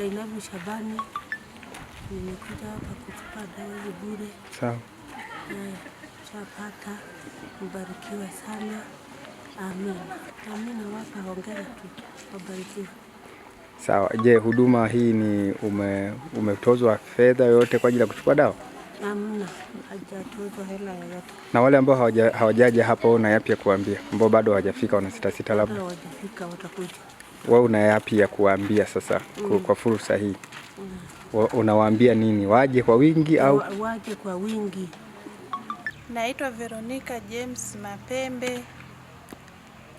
Zainabu Shabani, nimekuja hapa kutupa dawa hizi bure. Sawa. Chapata, mbarikiwe sana. Amin. Amin, wapa hongera tu, wabarikiwe. Sawa. Je, huduma hii ni ume, umetozwa fedha yoyote kwa ajili ya kuchukua dawa? Hamna, hajatozwa hela yoyote. Na wale ambao hawajaja hawaja hapa, una yapi ya kuambia, ambao bado hawajafika, wanasitasita labda hawajafika, watakuja wewe una yapi ya kuwaambia sasa mm. kwa fursa hii mm. unawaambia nini? Waje kwa wingi au waje kwa wingi? Naitwa Veronica James Mapembe,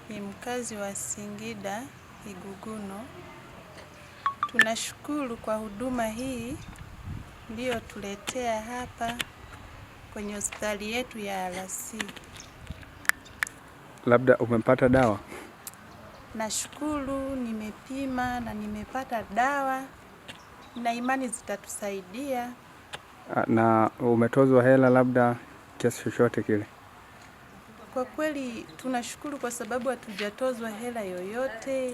ni mkazi wa Singida Iguguno. Tunashukuru kwa huduma hii iliyotuletea hapa kwenye hospitali yetu ya RC. Labda umepata dawa? Nashukuru nimepima na nimepata dawa na imani zitatusaidia. Na umetozwa hela labda kiasi chochote kile? Kwa kweli tunashukuru kwa sababu hatujatozwa hela yoyote,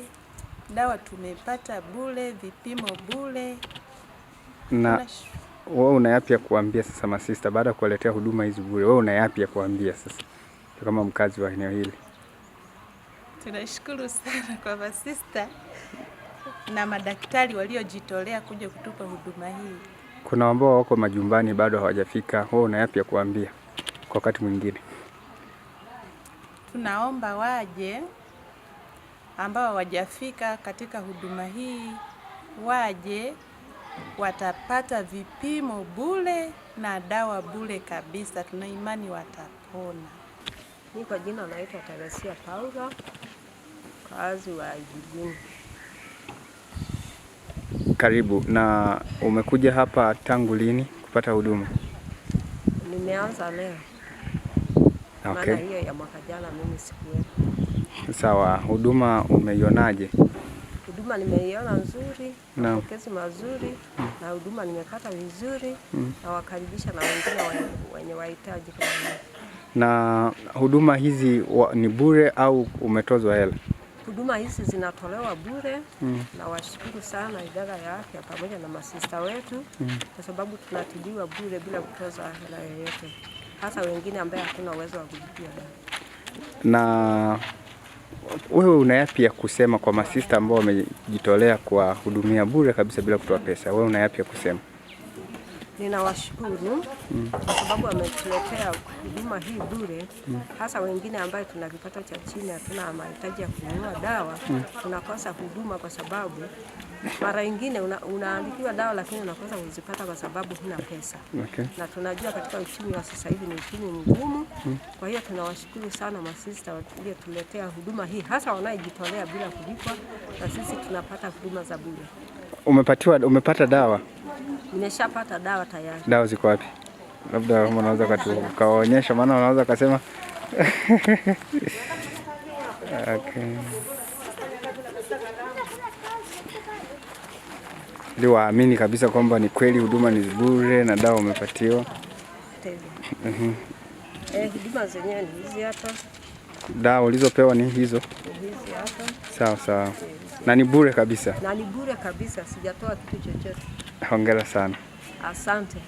dawa tumepata bule vipimo bule Na wewe una yapi ya kuambia sasa masista, baada ya kuwaletea huduma hizi bule wewe una yapi ya kuambia sasa kama mkazi wa eneo hili? tunashukuru sana kwa masista na madaktari waliojitolea kuja kutupa huduma hii. Kuna ambao wako majumbani bado hawajafika, wao una yapi ya kuambia kwa wakati mwingine? Tunaomba waje ambao hawajafika katika huduma hii waje, watapata vipimo bure na dawa bure kabisa. Tuna imani watapona. Mimi kwa jina naitwa Teresia Paula, wakazi wa jijini. Karibu. Na umekuja hapa tangu lini kupata huduma? Nimeanza leo. Okay. Maana hiyo ya mwaka jana mimi sikuwepo. Sawa, huduma umeionaje? Huduma nimeiona nzuri, mapokezi no. mazuri mm. na huduma nimepata vizuri mm. na wakaribisha na wengine wenye wahitaji kama Na huduma hizi wa, ni bure au umetozwa hela? huduma hizi zinatolewa bure mm. na washukuru sana idara ya afya pamoja na masista wetu mm. kwa sababu tunatibiwa bure bila kutoza hela yoyote, hasa wengine ambaye hakuna uwezo wa kulipia Na wewe una yapi ya kusema kwa masista ambao wamejitolea kuwahudumia bure kabisa bila kutoa pesa? Wewe una yapi ya kusema? Ninawashukuru mm. kwa sababu wametuletea huduma hii bure mm. hasa wengine ambayo tuna kipato cha chini, hatuna mahitaji ya kununua dawa mm. tunakosa huduma kwa sababu mara nyingine una, unaandikiwa dawa lakini unakosa kuzipata kwa sababu huna pesa okay. na tunajua katika uchumi wa sasa hivi ni uchumi mgumu mm. kwa hiyo tunawashukuru sana masista waliotuletea huduma hii, hasa wanayejitolea bila kulipwa, na sisi tunapata huduma za bure. Umepatiwa, umepata dawa Nimeshapata dawa tayari. Dawa ziko wapi? Labda unaweza kawaonyesha, maana unaweza kasema okay. Ili waamini kabisa kwamba ni kweli huduma ni bure na dawa umepatiwa. Mhm. Eh, huduma zenyewe ni hizi hapa. Dawa ulizopewa ni hizo Sawa sawa, na ni bure kabisa, na ni bure kabisa, sijatoa kitu chochote. Hongera sana. Asante.